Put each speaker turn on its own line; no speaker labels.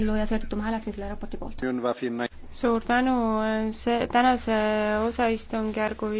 ellu ja seetõttu ma hääletasin selle raporti
poolt.
suur tänu, eh, see tänase osaistungjärgu